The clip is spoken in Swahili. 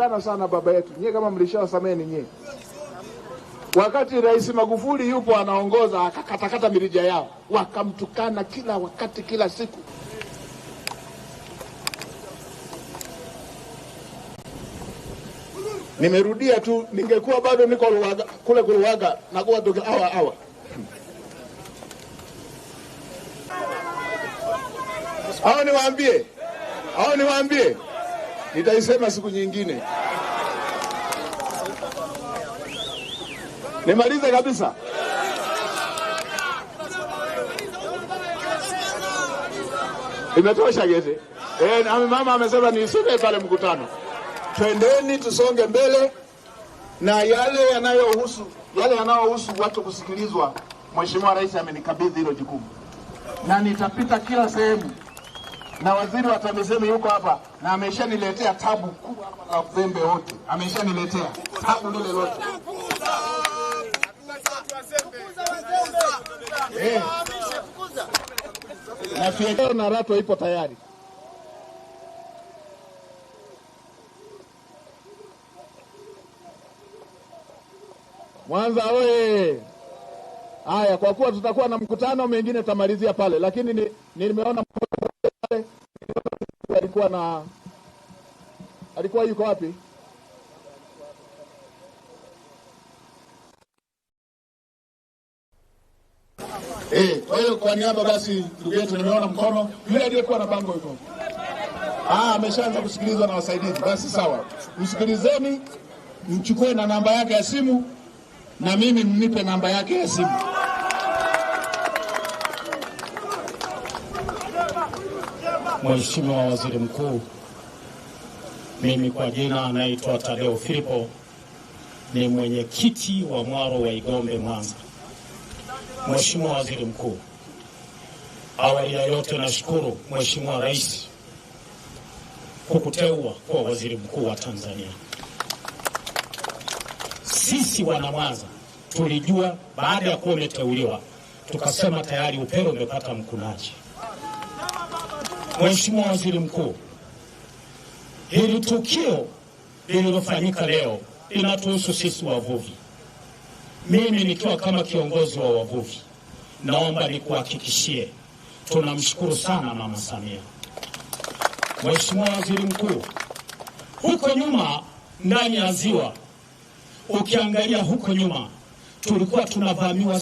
tunatukana sana baba yetu. Nyie kama mlishawasameni nyie, wakati Rais Magufuli yupo anaongoza, akakatakata mirija yao, wakamtukana kila wakati, kila siku. Nimerudia tu, ningekuwa bado niko Luhaga, kule Kuluhaga nakuwa toka awa awa au niwaambie, au niwaambie nitaisema siku nyingine. Nimalize kabisa. Imetosha gete. Eh, na mama amesema niisuke pale mkutano. Twendeni tusonge mbele na yale yanayohusu yale yanayohusu watu kusikilizwa. Mheshimiwa Rais amenikabidhi hilo jukumu na nitapita kila sehemu na waziri wa TAMISEMI yuko hapa na ameshaniletea tabu kubwa hapa la uzembe wote, ameshaniletea tabu lile lote Na eh. Fiekeo na Rato ipo tayari. Mwanza oye! Haya, kwa kuwa tutakuwa na mkutano mengine tamalizia pale, lakini nimeona ni alikuwa na alikuwa yuko wapi? Eh, kwa hiyo kwa niaba basi, ndugu yetu, nimeona mkono yule aliyekuwa na bango yuko ah, ameshaanza kusikilizwa na wasaidizi. Basi sawa, msikilizeni, mchukue na namba yake ya simu, na mimi mnipe namba yake ya simu. Mheshimiwa Waziri Mkuu, mimi kwa jina anaitwa Tadeo Filipo, ni mwenyekiti wa mwaro wa Igombe Mwanza. Mheshimiwa Waziri Mkuu, awali ya yote nashukuru Mheshimiwa Rais kukuteua kuwa waziri mkuu wa Tanzania. Sisi wana Mwanza tulijua baada ya kuwa umeteuliwa, tukasema tayari upero umepata mkunaji. Mheshimiwa Waziri Mkuu, hili tukio lililofanyika leo linatuhusu sisi wavuvi. Mimi nikiwa kama kiongozi wa wavuvi, naomba nikuhakikishie tunamshukuru sana Mama Samia. Mheshimiwa Waziri Mkuu, huko nyuma ndani ya ziwa, ukiangalia huko nyuma tulikuwa tunavamiwa